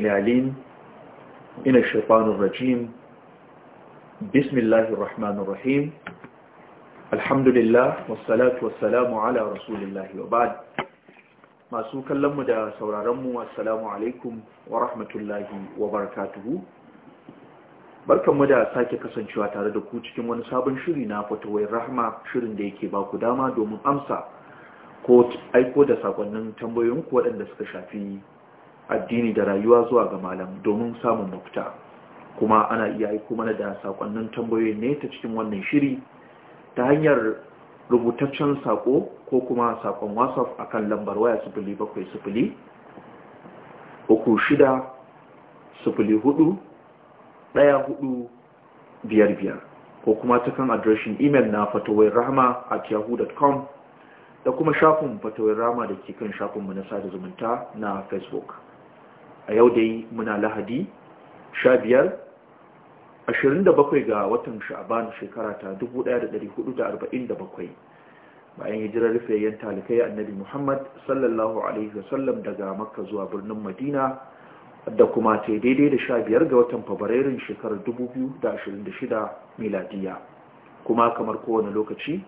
من عليم من الشيطان الرجيم بسم الله الرحمن الرحيم الحمد لله والصلاة والسلام على رسول الله وبعد ما سوك اللهم دا سورارمو والسلام عليكم ورحمة الله وبركاته barkanmu da sake kasancewa tare da ku cikin wani sabon shiri na fatawai rahma shirin da yake baku dama domin amsa ko aiko da sakonnin tambayoyinku waɗanda suka shafi addini da rayuwa zuwa ga malam domin samun mafita kuma ana iya aiko mana da sakonnin tambayoyi ne ta cikin wannan shiri ta hanyar rubutaccen sako ko kuma sakon whatsapp akan lambar waya 0700 hudu daya hudu biyar ko kuma ta kan adireshin imel na fatawar rahama at yahoo.com da kuma shafin fatawar rahama da ke kan shafinmu na da zumunta na facebook a yau dai muna lahadi 15 27 ga watan sha'aban shekara ta 1447 bayan hijirar yan talikai annabi muhammad sallallahu alaihi wasallam daga makka zuwa birnin madina da kuma ta daidai da 15 ga watan fabrairun shekarar 2026 miladiya kuma kamar kowane lokaci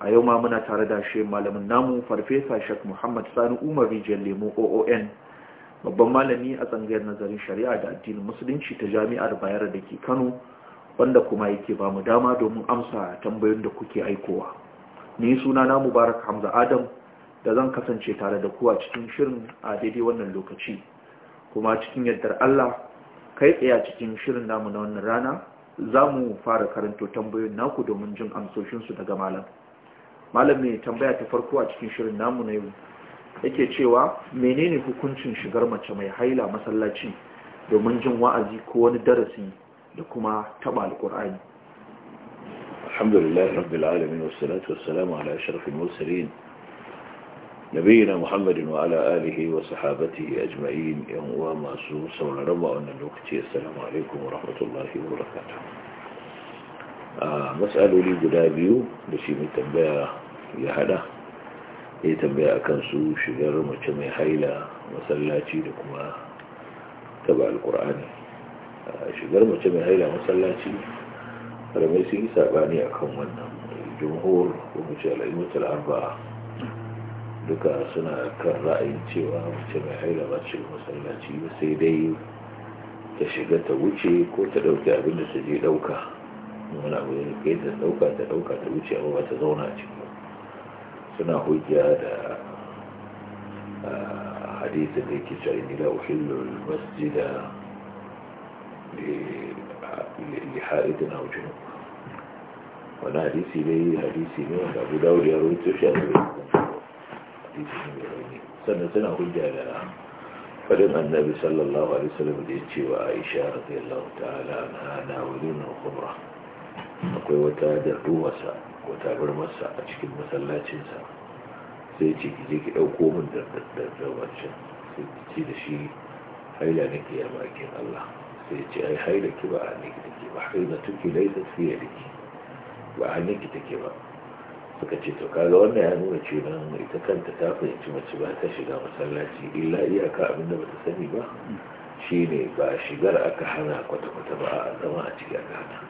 a yau ma muna tare da shi malamin namu farfesa shek muhammad sani umar rijiyar lemo oon babban malami a tsangayar nazarin shari'a da addinin musulunci ta jami'ar bayar da ke kano wanda kuma yake ba mu dama domin amsa tambayoyin da kuke aikowa ni suna na mubarak hamza adam da zan kasance tare da kuwa cikin shirin a daidai wannan lokaci kuma cikin yardar allah kai tsaye cikin shirin namu na wannan rana za mu fara karanto tambayoyin naku domin jin amsoshinsu daga malam malam ne tambaya ta farko a cikin shirin namu na yau yake cewa menene hukuncin shigar mace mai haila masallaci domin jin wa'azi ko wani darasi da kuma taba alkur'ani alhamdulillah rabbil alamin wassalatu wassalamu ala ashrafil mursalin nabiyina muhammadin wa ala alihi wa sahabatihi ajma'in yan uwa masu sauraron mu a wannan lokaci assalamu alaikum wa rahmatullahi wa barakatuh ah, matsaloli guda biyu da shi mai tambaya ya hada ya tambaya kan su shigar mace mai haila masallaci da kuma taba alkur'ani shigar mace mai haila masallaci karamai sun yi sabani a kan wannan jumhur ko mace al'immatar arba'a duka suna kan ra'ayin cewa mace mai haila ba ce masallaci ba sai dai ta shiga ta wuce ko ta ɗauki abinda ta je ɗauka wani abu da ke ta ɗauka ta ɗauka ta wuce amma ba ta zauna a ciki suna hujja da da ke cewa inila uhillul masjida li haidin aw wani hadisi ne hadisi ne wanda abu dawud ya rawaito shi a cikin hadisi ne mai sannan suna hujja da فلم النبي da الله عليه وسلم ديتي وعائشة رضي الله تعالى عنها ناولين الخمرة akwai wata dardumarsa ko tabarmarsa a cikin masallacinsa sai ce ki je ki ɗauko min dardumarcin sai ci da shi haila nake ya bakin Allah sai ce ai haila ki ba a niki take ba haila tuki laisa fiye da ki ba a niki take ba suka ce to kaga wannan ya nuna ce nan ita kanta ta fahimci mace ba ta shiga masallaci illa iyaka abinda ta sani ba hmm. shine ba shigar aka hana kwata-kwata ba a zama a ciki aka hana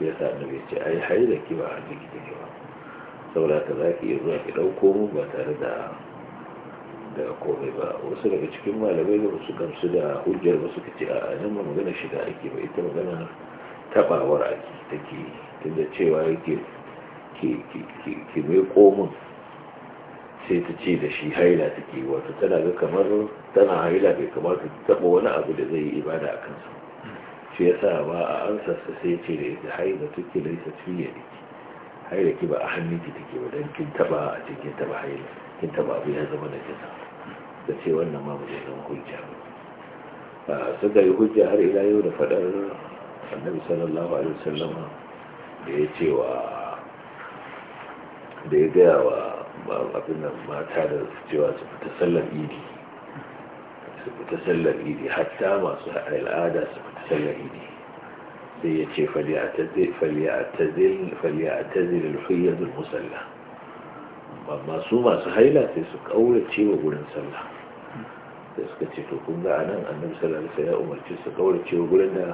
sai ya sa annabi ce ai haila ki ba a jiki ne ba saboda ka za ki yi zuwa ki ɗauko mu ba tare da da komai ba wasu daga cikin malamai da su gamsu da hujjar ba suka ce a nan ba magana shiga ake ba ita magana tabawar ake ke tunda cewa yake ki mai komin sai ta ce da shi haila take wata tana ga kamar tana haila bai kamar ta taba wani abu da zai yi ibada a kansa shi ya sa ba a ansarsa sai ce da ita haida tuki da ita fiye da ki haida ki ba a hannun ki take ba don kin taba a cikin taba haida kin taba abu ya zama da jasa da ce wannan ma zai don hujja ba suka yi hujja har ila yau da fadar annabi sallallahu alaihi wasallam da ya ce wa da ya gaya wa abin nan mata da cewa su fita sallar idi su fita sallar idi hatta masu al'ada su fita sallar idi sai ya ce faliyatazil alhuyyazul musalla amma su masu haila sai su kaurace wa gurin sallah da suka ce to kun ga anan annabi sallallahu alaihi wasallam ya umarci su kaurace wa gurin da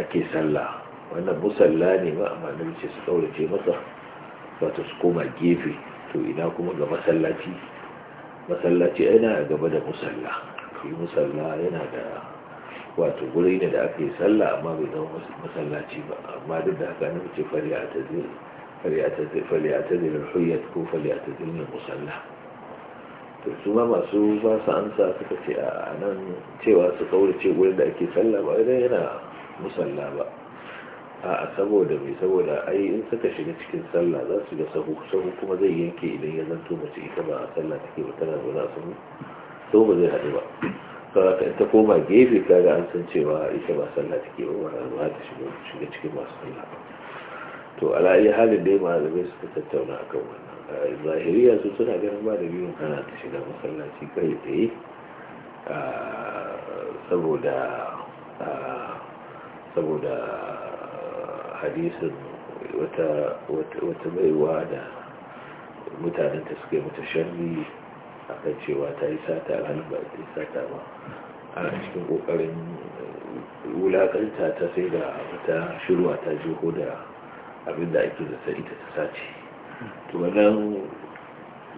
ake sallah wannan musalla ne ba amma annabi ce su kaurace masa wato su koma gefe to ina kuma ga masallaci masallaci yana gaba da musalla shi musalla yana da wato guri ne da ake salla sallah amma bai zama masallaci ba amma duk da haka na ce fariya ta zai fariya ta ko fariya ta zai ne musalla to su ma masu ba su ansa suka ce a nan cewa su ce gurin da ake salla ba idan yana musalla ba a saboda mai saboda ai in suka shiga cikin sallah za su ga sahu sahu kuma zai yanke idan ya zanto mace ita ba a sallah take ba tana zaune a to ba zai haɗu ba ka ta koma gefe ga an san cewa ita ba sallah take ba ba ta shiga cikin masu sallah to ala iya halin dai malamai suka tattauna akan wannan zahiriya su suna ganin ba da biyun kana ta shiga masallaci kai tsaye saboda saboda hadisin wata baiwa da ta suka yi mata sharri a cewa ta yi sata alhalin ba ta yi sata ba a cikin ƙoƙarin wulaƙanta ta sai da wata shirwa ta jiho da abin da ake zata ita ta sace to wannan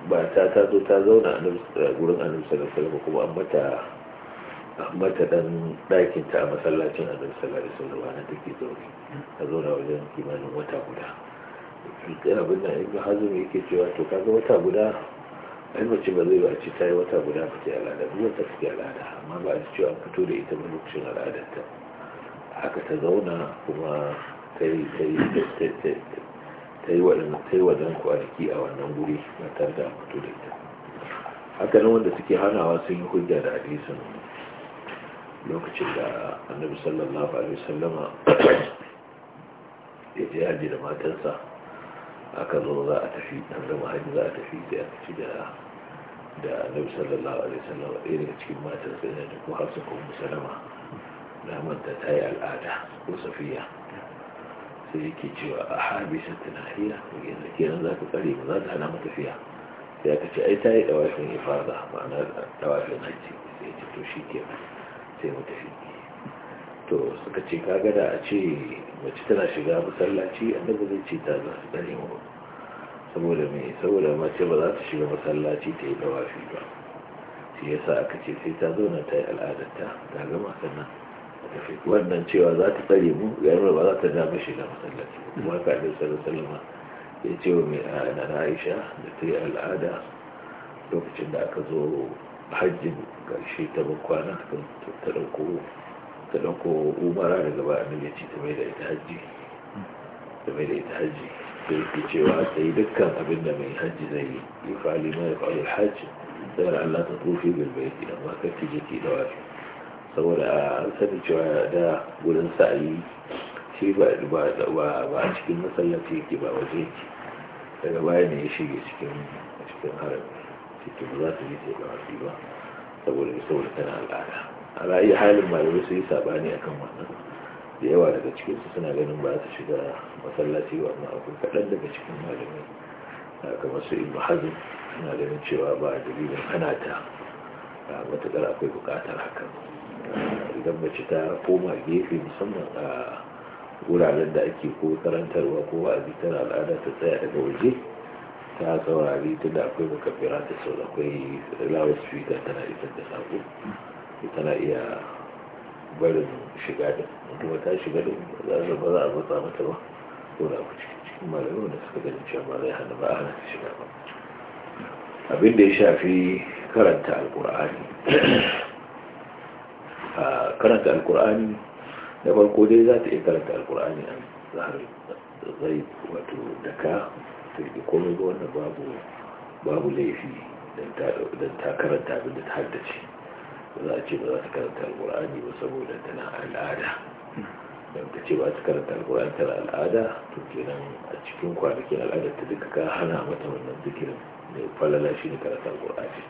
ba ta ta zo ta zauna a gurin annabi sallallahu alaihi kuma an mata an mata dan dakin ta a masallacin annabi sallallahu alaihi wasallam da take zaune ta zauna wajen kimanin wata guda abin da ibn hazm yake cewa to kaga wata guda ai mace ba zai ba ce ta yi wata guda fita ta yi al'ada ba ta fi al'ada amma ba a cewa an fito da ita ba lokacin al'adarta haka ta zauna kuma ta yi ta yi waɗannan kwanaki a wannan guri na tare da fito da ita haka nan wanda suke hanawa sun yi hujja da hadisin lokacin da annabi sallallahu alaihi wasallama ya je haji da matansa aka zo za a tafi ɗan zama hajji za a tafi sai aka ci da da annabi sallallahu alaihi wasallam ɗaya daga cikin matan sai da ko hafsa ko musalama na manta ta yi al'ada ko safiya sai yake cewa a habisa tunahiya yanzu kenan za ka tsare ba za ta hana matafiya? tafiya sai aka ce ai ta yi dawafin ifada ma'ana dawafin hajji sai ce to shi ke sai mu tafi to suka ce kaga da a ce mace tana shiga masallaci annabi zai ce ta za su tsare mu saboda mai saboda mace ba za ta shiga masallaci ta yi wafi ba shi yasa aka ce sai ta zauna ta yi al'adarta ta gama sannan wannan cewa za ta tsare mu yayin ba za ta dama shiga masallaci kuma ka da sallallahu ya ce wa mai na Aisha da ta yi al'ada lokacin da aka zo hajjin karshe ta bakwana ta dauko ta dauko umara daga ba annabi ya ce ta mai da ita hajji ta mai da ita hajji da yake cewa a tsayi dukkan abin da mai hajji zai yi yi fa'ali ma ya fa'ali hajji saboda Allah ta tofi bilbai ki da maka ki je ki dawa saboda an sani cewa da gurin sa'ayi shi ba a cikin masallaci yake ba waje yake daga baya ne ya shige cikin cikin haram cikin ba za su yi sai ba ba saboda saboda tana al'ada a iya halin malamai su yi sabani akan wannan da yawa daga cikinsu suna ganin ba su shiga masallaci wa amma kaɗan daga cikin malamai kamar su yi hazin suna ganin cewa ba dalilin ana ta matuƙar akwai buƙatar hakan idan mace ta koma gefe musamman a wuraren da ake ko karantarwa ko a bitar al'ada ta tsaya daga waje ta saurari ta da akwai makafira ta sau akwai lawar fita tana isar da sako tana iya barin shiga da kuma ta shiga da za ba za a matsa mata ba ko da ku cikin malamai da suka gani cewa ba zai hana ba a hana shiga ba abin da ya shafi karanta alkur'ani a karanta alkur'ani da farko dai za ta iya karanta alkur'ani a zahar zai wato daka ta yi komai ga wannan babu laifi don ta karanta abin da ta haddace za a ce ba za ta karanta alkur'ani ba saboda tana al'ada don ka ce ba ta karanta alkur'ani tana al'ada to kenan a cikin kwanakin al'ada ta duka ka hana mata wannan zikirin da falala shi ne karanta alkur'ani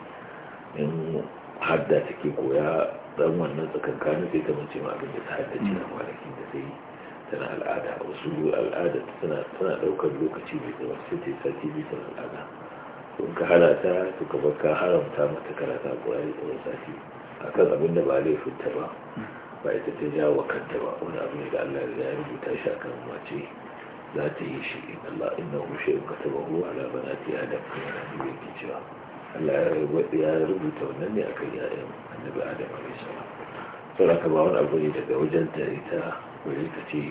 in hadda take koya dan wannan tsakankanin sai ta mace ma abin da ta haddace na mm. kwanakin da ta yi tana al'ada wasu al'ada tana tana daukar lokaci mai tsawo sai ta yi sati biyu tana al'ada in ka hana ta to ka bar ka haramta mata karata alkur'ani tsawon sati akan abin da ba laifinta ba ba ita ta jawo kanta ba wani abu ne da Allah ya rubuta shi akan mace za ta yi shi in Allah inna hu shi ka taba hu ala banati adam ne yake cewa Allah ya rubuta wannan ne akan yayan annabi adam alaihi salam to da ba wani abu ne daga wajen ta ita wajen ta ce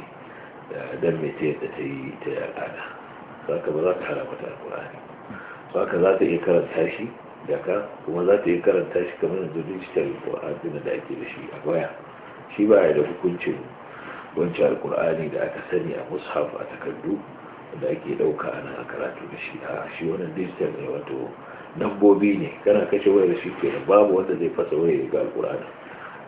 dan me ta yadda ta yi ta al'ada saka ba za ta hana mata alqur'ani ka za ta iya karanta shi daga kuma za ta yi karanta shi kamar da digital zina da ake da shi a waya shi baya da hukuncin wancan alkur'ani da aka sani a mushaf a takardu da ake ɗauka a nan a karatu da shi a shi wani digital ne wato dabbobi ne kana kashe wayar shi ke babu wanda zai fasa wayar ga alkur'ani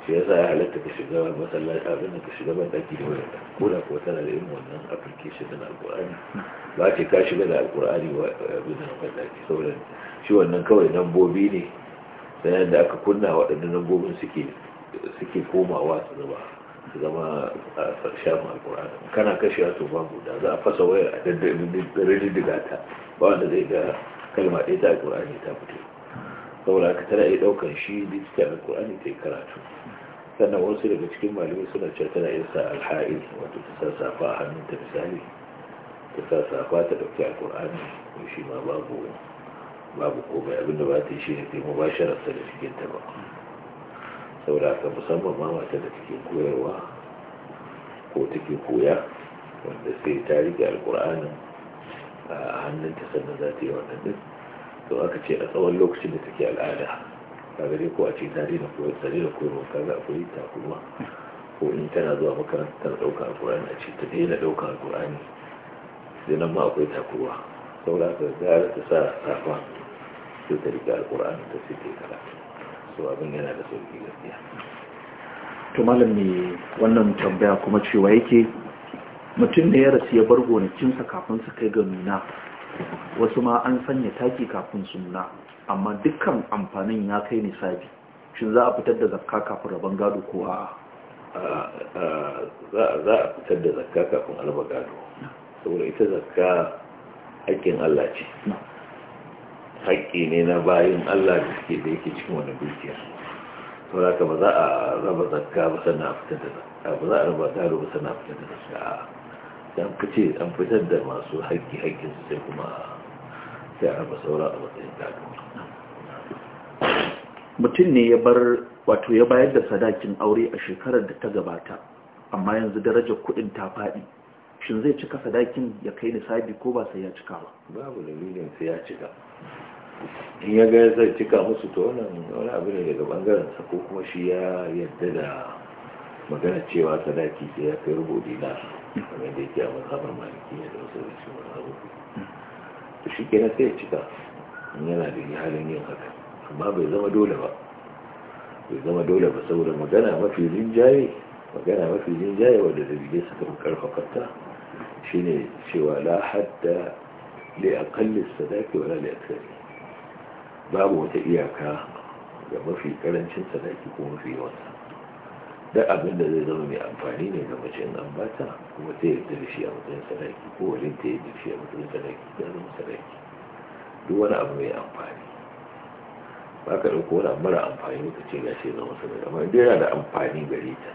shi ya sa ya halatta ka shiga masallaci abin da ka shiga ban daki da wayar ko da kuwa tana da yin wannan application na alkur'ani ba ce ka shiga da wa abin da ban daki saboda shi wannan kawai nambobi ne sayan da aka kunna waɗannan nambobin suke komawa su zama su zama a sarshen kana kashe to babu da za a fasa wayar a da ta ba wanda zai ga kalma ɗaya ta ne ta fito saboda aka tana iya ɗaukan shi digital ne ta yi karatu sannan wasu daga cikin malamai suna cewa tana iya sa alha'il wato ta sa safa a hannunta misali ta sa safa ta ɗauki ne shi ma babu wani babu komai abinda ba ta yi shi ne kai mubashararsa da cikin ta ba saboda ka musamman ma mata da take koyarwa ko take koya wanda sai ta rike alkur'anin a hannunta sannan za ta yi wannan din to aka ce a tsawon lokacin da take al'ada kaga dai ko a ce ta daina koyar tare da koyarwa ga akwai kuma ko in tana zuwa makaranta tana ɗaukar alƙur'ani a ce ta daina ɗaukar alƙur'ani sai nan ma akwai takuwa saboda ka gara ta sa safa sai ta riga ta sai ta yi so abin yana da sauki gaskiya to malam ne wannan tambaya kuma cewa yake mutum da ya rasu ya bar gonakinsa kafin su kai ga nuna wasu ma an sanya taki kafin su nuna amma dukkan amfanin ya kai nisabi shin za a fitar da zakka kafin rabon gado ko a za a fitar da zakka kafin alba gado saboda ita zakka hakkin Allah ce haƙƙi ne na bayan Allah da suke da yake cikin wani dukiya to haka ba za a raba zakka ba sannan a fitar da zakka ba za a raba gado ba sannan a fitar da zakka dan kace an fitar da masu haƙƙi haƙƙin su sai kuma sai a raba saura a matsayin gado mutum ne ya bar wato ya bayar da sadakin aure a shekarar da ta gabata amma yanzu darajar kuɗin ta faɗi shin zai cika sadakin ya kai nisabi ko ba sai ya cika ba babu dalilin sai ya cika in ya ga zai cika musu to wani abu ne daga bangaren sa ko kuma shi ya yadda da magana cewa sadaki sai ya kai rubo dina kamar da yake a mazhabar maliki da wasu da shi mazhabu to shi kenan sai ya cika in yana da halin yin haka amma bai zama dole ba bai zama dole ba saboda magana mafi rinjaye magana mafi rinjaye wadda dalilai suka fi karfafa ta shine cewa la hadda li aqalli sadaki wala li aktsari babu wata iyaka ga mafi karancin sadaki ko mafi yawansa duk abin da zai zama mai amfani ne ga mace an bata kuma ta yarda da shi a matsayin sadaki ko wajen ta yarda da shi a matsayin sadaki ta zama sadaki duk wani abu mai amfani ba ka ɗauko wani mara amfani ka ce ga shi zama sadaki amma duk yana da amfani gare ta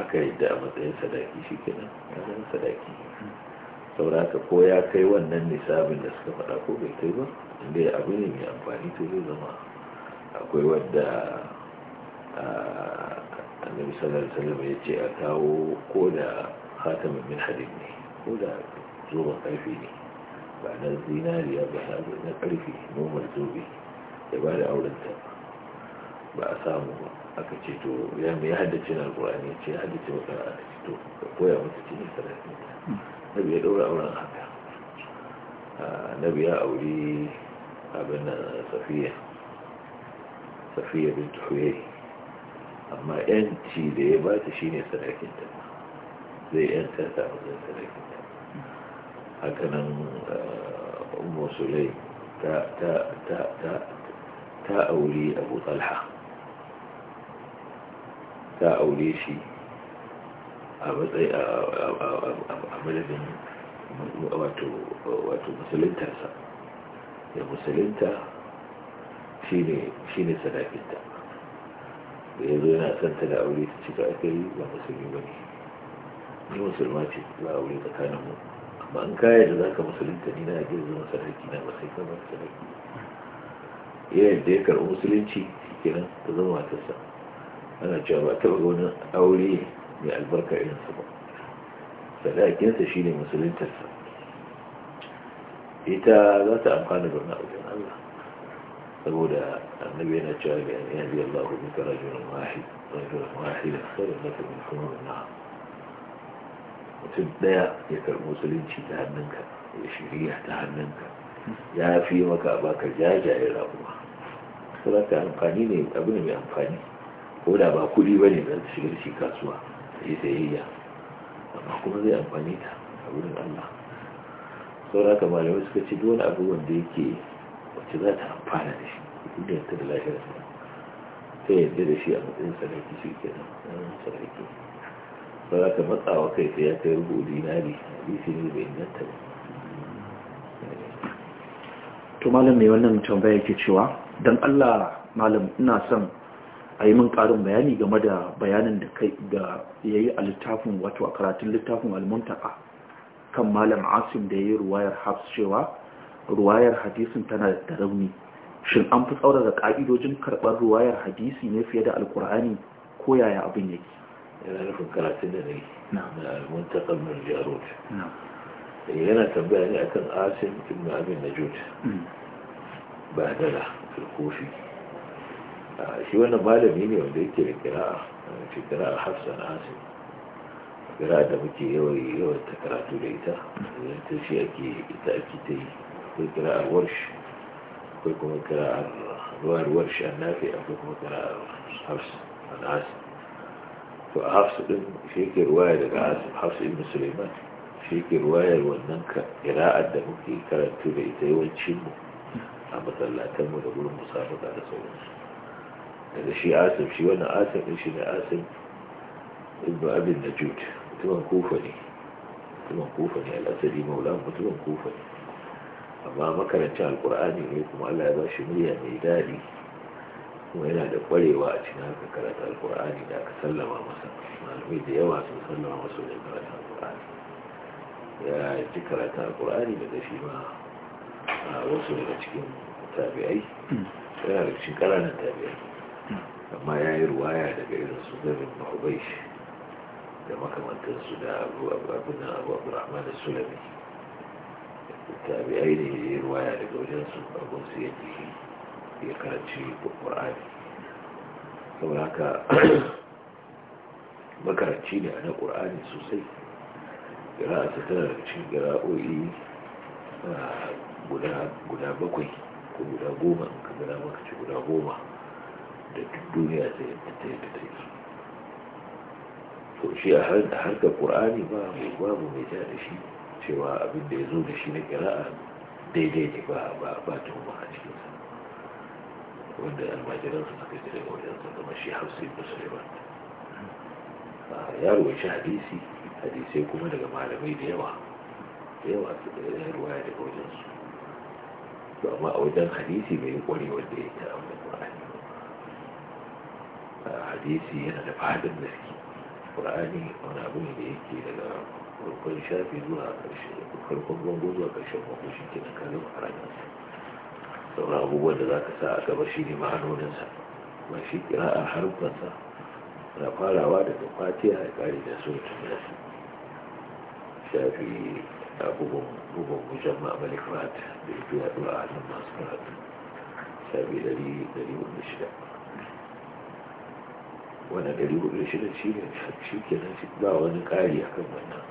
aka yarda a matsayin sadaki shi kenan ta zama sadaki sauraka ko ya kai wannan nisabin da suka faɗa ko bai kai ba inda ya abu ne mai amfani to zai zama akwai wadda annabi na misalar ya ce a kawo ko da hatamin min hadin ne ko da zoben karfi ne ba na zinariya ba na karfi nomar zobe ya ba da aurenta ba a samu ba aka ce to ya mai haddace na alkur'ani ya ce haddace maka a ce to ka koya mata cikin sarari nabi ya daura auren haka nabi ya auri abin safiya safiya bin tuhuyayi amma yanci da ya bata shi ne sadakinta zai yanta ta wajen sadakinta hakanan uh, musulai ta auri abu talha ta aure shi a matsayi a madadin wato musulintarsa ya musulinta shi ne sadakinta da ya zo yana santa da aure ta cika aka yi ba musulmi ba ne ni musulma ce za a aure tsakaninmu amma an kaya da za ka musulunta ni na ajiyar zama sadaki na ba sai ka ba sadaki ya yadda ya karɓi musulunci kenan ta zama matarsa ana cewa ba taɓa ga wani aure يعني البركة إلى الصباح فلا كده تشيل المسؤولين تلفا إتا لا تأمقان برناء جمع الله فقولا النبي أنا جاءب أن يهدي الله منك رجل واحد رجل واحد أكثر لك من كنون النعم وتبدا يكر المسلمين شي تهنمك يشريح تهنمك يا في مكابك جاجا يا رب فلا تأمقانين أبنى بأمقانين ولا با كل يبني من تشغل شي كاسوه ya tsayayya amma kuma zai amfani ta a wurin Allah saura ka malamai suka ce duk wani abu wanda yake wacce za ta amfana da shi duniya ta da lafiyar sa sai yadda da shi a matsayin sarki shi ke nan sarki saura ka matsawa kai ta ya kai rubu dinari hadisi ne bai inganta ba to malam mai wannan tambaya yake cewa don Allah malam ina son a yi min ƙarin bayani game da bayanin da kai da ya yi a littafin wato a karatun littafin almuntaka kan malam asim da ya yi ruwayar hafs cewa ruwayar hadisin tana da rauni shin an fi tsaurara ƙa'idojin karɓar ruwayar hadisi ne fiye da alkur'ani ko yaya abin yake yana nufin karatun da ne na almuntakan marjarot eh, yana tambaya ne akan asim ibn abin najud hmm. ba dala alkofi shi wannan malami ne wanda yake da kira a eh, kira a hafsan hasin kira da muke yawan ta karatu da ita eh, ta shi ake ita ake ta yi akwai kira a warsh akwai kuma kira a ruwar warsh an nafi akwai kuma kira a hafsan hasin to a hafsu din shi ke ruwaya daga hafsu ibn suleiman shi ke ruwayar wannan kira'ar da muke karatu da ita yawancin mu a masallatanmu da gurin musabaka da sauransu daga shi asim shi wannan asim ɗin shi ne asim ibn abin najud mutumin kufa ne mutumin kufa ne al'asari maula mutumin kufa ne amma makarancin alkur'ani ne kuma allah ya ba shi murya mai daɗi kuma yana da ƙwarewa a cikin haka karanta alkur'ani da aka sallama masa malamai da yawa sun sallama masa da karanta alkur'ani ya ji karanta alkur'ani daga shi ma wasu daga cikin tabi'ai hmm. yana da cikin ƙananan tabi'ai amma ya yi ruwaya daga irin su gamin ma'ubaish da makamantansu da abin da abu abu rahman sulami bi aini ya yi ruwaya daga wajensu abin su ya ji ya karanci ƙwar'ani saboda haka makaranci ne a na ƙwar'ani sosai gira a tana da cikin gira'o'i ah, guda bakwai ko guda goma in ka gina maka ci guda goma da duniya ta yadda ta yadda ta yi to shi a harkar ƙur'ani ba mai babu mai ja da shi cewa abin da ya zo da shi na kira'a daidai ne ba ba tuhuma a cikinsa wanda almajiransa suka ji daga wajen sa zama shi hafsi ibn suleiman ya rubuci hadisi hadisai kuma daga malamai da yawa da yawa ya ruwaya daga wajen su amma a wajen hadisi mai yi ƙwarewar da ya ta amma hadisi yana da fadin gaske ƙur'ani wani abu ne da yake daga farkon shafi zuwa ƙarshen farkon bango zuwa ƙarshen bango shi ke nan kalin ƙaranarsa sauran abubuwan da za ka sa a gaba shi ne ma'anoninsa ba shi ƙira'ar harfansa na farawa daga fatiha ya ƙari da sun tuna su shafi abubuwan gujen ma'amalik fata da ya fi yaɗuwa a hannun masu karatu shafi 100 shida. Wani hudu da shida shi ke nan shi ba wani ƙari a kan wannan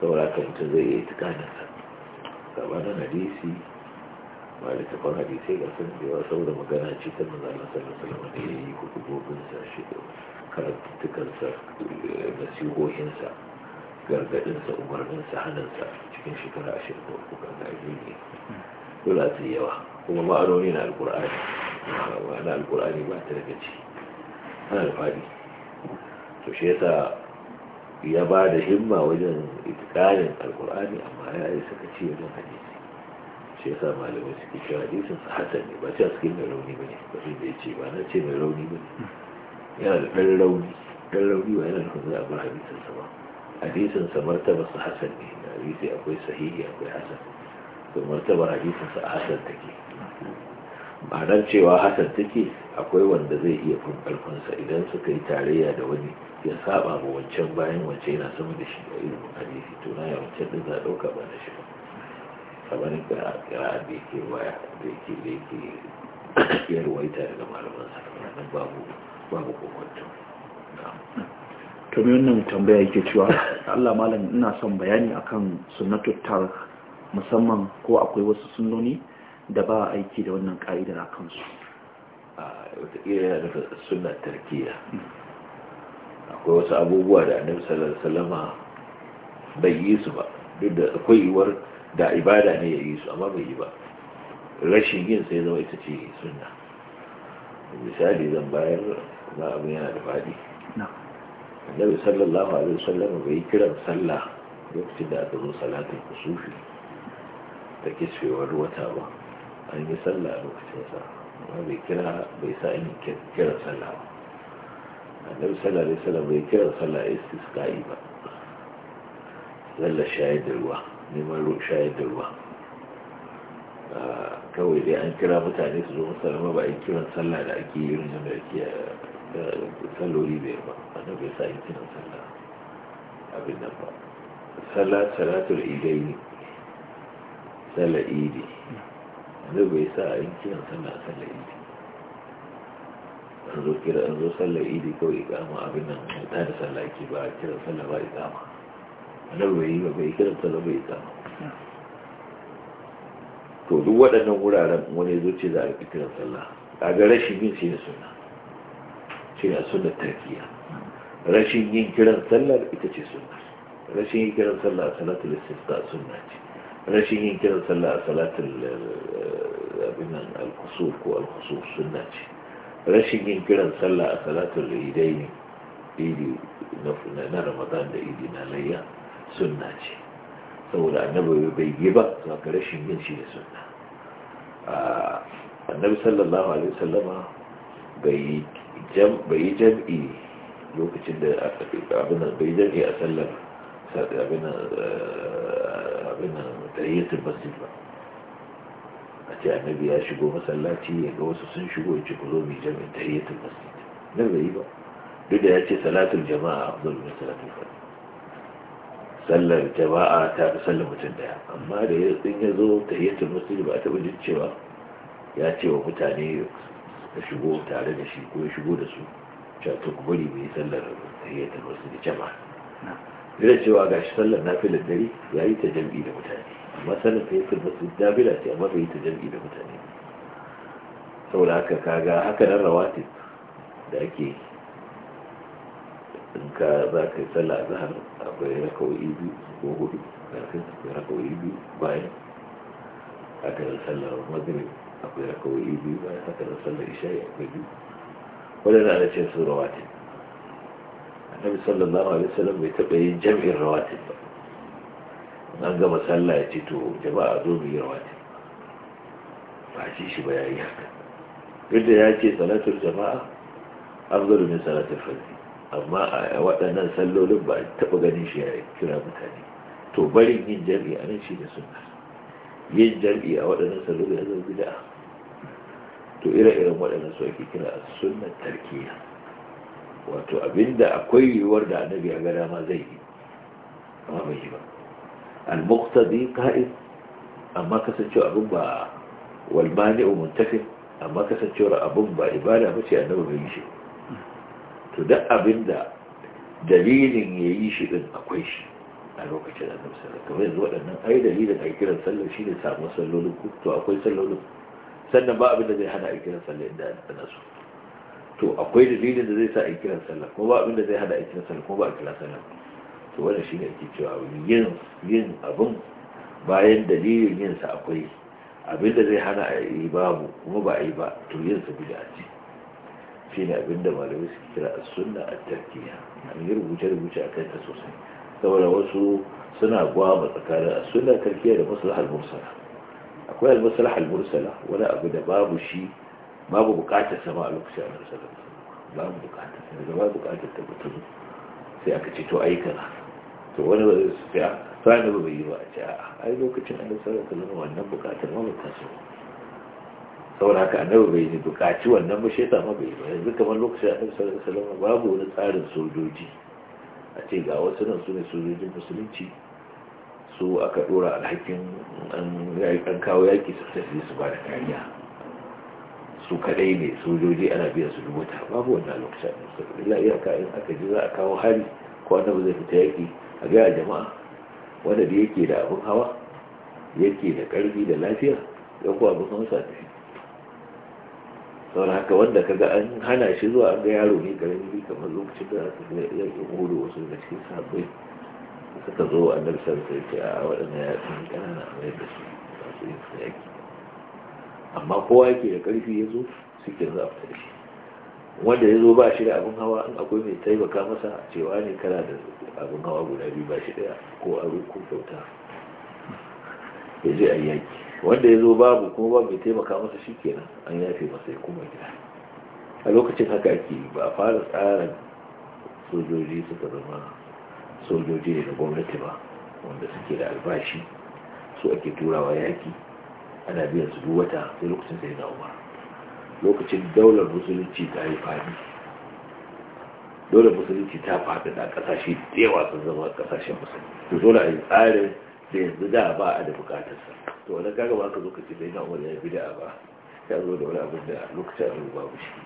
saura kan ta zai iya tukaninsa gabanin hadisi ba da tafan hadisai ga sun da yawa saboda magana ce ta mazalar sallallahu da ya yi hukubobinsa shi da karantukansa eh, nasihohinsa gargadinsa umarninsa hannunsa cikin shekara ashirin da uku kan gaji ne dole a yawa kuma ma'anoni na alkur'ani ma'ana alkur'ani ba ta daga ciki suna da faɗi to shi yasa ya ba da himma wajen itikarin alkur'ani amma ya yi suka ci wajen hadisi shi yasa malamai suke cewa hadisin su hasan ne ba cewa suke mai rauni ba ne ba su da ya ce ba na ce mai rauni ba ne yana da ɗan rauni ɗan rauni ba yana nufin za a bar hadisin sa ba hadisin sa martaba su hasan ne na hadisi akwai sahihi akwai hasan to martaba hadisin sa hasan take ma'anar cewa hasan take akwai wanda zai iya fin ƙarfinsa idan suka yi tarayya da wani ya saba ma wancan bayan wancan yana sama da shi a ilimin hadisi to na ya wancan din za ɗauka ba na shi ba kamar ƙira'a da yake waya da yake da yake iya ruwaita daga malaman sa nan babu babu kokonto to me wannan tambaya yake cewa Allah malam ina son bayani akan sunnatul tarikh musamman ko akwai wasu sunnoni da ba aiki da wannan ƙa'idar a kansu wataƙila da sunan tarkiya akwai wasu abubuwa da annabi sallallahu salama bai yi su ba duk da akwai yiwuwar da ibada ne ya yi su amma bai yi ba rashin yin sai zama ita ce suna. misali zan bayar na abin yana da faɗi annabi sallallahu alaihi bai kiran sallah lokacin da aka zo salatin kusufi da kisfewar wata ba an yi sallah a lokacinsa amma bai kira bai sa in kira sallah ba annabi sallah alaihi sallah bai kira sallah istisqa'i ba lalla shayar da ruwa neman shayar da ruwa kawai dai an kira mutane su zo musulma ba in kiran sallah da ake yi irin da ake eh, salloli biyar ba wanda bai sa in kiran sallah abin nan ba sallah salatul idai sallah idi zai bai sa a yin kiran sallah a sallah idi an zo kira an zo sallar idi kawai ikama abin nan ta da sallah ke ba kiran sallah ba ikama nan bai yi ba bai kiran sallah ba ikama to duk waɗannan wuraren wani zo ce za a yi kiran sallah a ga rashin yin shi ne suna shi ne suna tarkiya rashin yin kiran sallar ita ce suna rashin yin kiran sallah salatul istisqa suna ce rashin yin kiran sallah a salatin eh, abinan alkusur ko alkusur sunna ce rashin yin kiran sallah a salatin idai ne idi na ramadan da idi na layya sunna ce saboda annabi bai yi ba saka rashin yin shi da sunna annabi sallallahu alaihi wasallama bai yi jam'i lokacin da abinan bai jam'i a sallar abinan eh, tariyatul masjid ba a ce annabi ya shigo masallaci ya ga wasu sun shigo ya ce ku zo mai jami'in tariyatul masjid nan bai yi ba duk da ya ce salatul jama'a afdal min salatul fard sallar jama'a ta fi sallar mutum daya amma da ya tsin ya zo tariyatul masjid ba a taɓa jin cewa ya ce wa mutane ka shigo tare da shi ko ya shigo da su cewa to ku bari mu yi sallar tariyatul masjid jama'a da cewa ga shi sallar fi lantari ya yi ta jam'i da mutane amma sallar ta yi sun masu dabila ce amma ta yi ta jam'i da mutane da haka kaga haka nan rawatin da ake in ka za ka yi sallar zahar akwai rakawai biyu ko hudu karfin akwai rakawai biyu bayan haka nan sallar magrib akwai rakawai biyu bayan haka nan sallar ishayi akwai biyu wadanda ana ce su rawatin nabi sallallahu alaihi wasallam bai taɓa yin jami'in rawatin ba an gama sallah ya ce to jama'a zo mu yi rawatin ba shi shi ba ya yi haka Yadda ya ce salatul jama'a afdalu min salatul fajr amma a waɗannan sallolin ba taɓa ganin shi ya kira mutane to barin yin jam'i a nan shi ne sunna yin jam'i a waɗannan sallolin ya zama bid'a to ire-iren waɗannan su ake kira sunnar tarkiyya wato abinda akwai yiwuwar da annabi ya ga dama zai yi amma bai yi ba al-muqtadi qa'id amma kasancewa abin ba walmani'u muntafin amma kasancewar abin ba ibada ba ce annabi bai yi shi to duk abinda dalilin ya yi shi din akwai shi a lokacin annabi sallallahu kamar yanzu waɗannan ai dalilin a kiran sallar shi ne samun sallolin to akwai sallolin sannan ba abin da zai hana a kiran sallar inda ana so to akwai dalilin da zai sa a yi kiran sallah ko ba abin da zai hada a kiran sallah ko ba a kira sallah to wannan shi ne ake cewa yin yin abin bayan dalilin yin sa akwai abin da zai hana a yi babu kuma ba a yi ba to yin sa bida ce shi ne abin da malamai suke kira a sunna a tarkiya an yi rubuce rubuce a kai ta sosai saboda wasu suna gwama tsakanin a sunna tarkiya da maslahar mursala akwai al-maslahar mursala wani abu da babu shi babu bukatar sama a lokacin a sallallahu alaihi babu bukatar da babu bukatar ta mutum sai aka ce to ayi kaza to wani ba zai su fiya to ba bai yi ba a ce a ai lokacin annabi sallallahu ta zama wannan bukatar ma ba su so saboda haka nan bai ni bukaci wannan ba shi ma bai yi ba yanzu kamar lokacin annabi sallallahu ta zama babu wani tsarin sojoji a ce ga wasu nan su ne sojojin musulunci su aka dora alhakin an kawo yaki su tafi su ba da kariya su kadai ne sojoji ana biyan su dubu ta babu wannan lokacin illa iyaka in aka ji za a kawo hari ko ba zai fita yaki a ga jama'a wanda da yake da abin hawa yake da karfi da lafiya ya kuwa abin hawa sa tafi saboda haka wanda kaga an hana shi zuwa an ga yaro ne karami kamar lokacin da aka ga yakin hudu wasu da cikin sabai suka zo a sallallahu alaihi ya ce a waɗannan yakin ƙanana a mayar da su ba su yaki amma kowa yake da karfi ya zo suke za a da shi wanda ya zo ba shi da abin hawa in akwai mai taimaka masa cewa ne kana da abin hawa guda biyu ba shi daya ko a ko kyauta ya je a yaki wanda ya zo babu kuma ba mai taimaka masa shi kenan an yafe masa ya kuma gida a lokacin haka ake ba a fara tsarin sojoji suka zama sojoji ne da gwamnati ba wanda suke da albashi su ake turawa yaki ana biyan su duk wata sai lokacin sai na umar lokacin daular musulunci ta yi fadi daular musulunci ta fadi da ƙasashe da yawa sun zama ƙasashen musulunci to dole a yi tsarin da yanzu da ba a da bukatarsa to wani kaga ba ka zo ka ce sai na umar ya bi da ba ya zo da wani abin da lokacin abin babu shi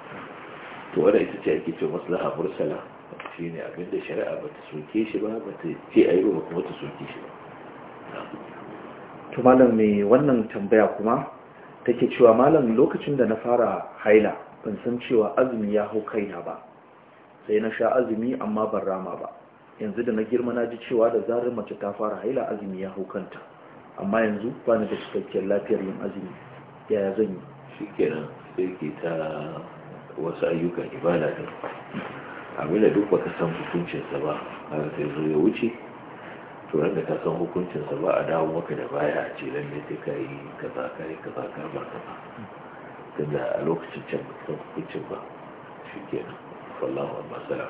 to wani ita ce ake ce maslaha mursala shi ne abinda shari'a ba ta soke shi ba ba ta ce a yi ba kuma ta soke shi ba to malam mai wannan tambaya kuma take cewa malam lokacin da na fara haila ban san cewa azumi ya hau kaina ba sai na sha azumi amma ban rama ba yanzu da na girma na ji cewa da zarar mace ta fara haila azumi ya hau kanta amma yanzu ba ni da cikakkiyar lafiyar yin azumi yaya zan yi shi kenan sai ke ta wasu ayyukan ibada ne abinda duk baka san hukuncinsa ba har sai zo ya wuce Turan da ka san hukuncinsa ba a dawo maka da baya a ce ne sai ka yi kaza ka yi kaza ka bar kaza a lokacin can san hukuncin ba shi ke nan wallahu wa masara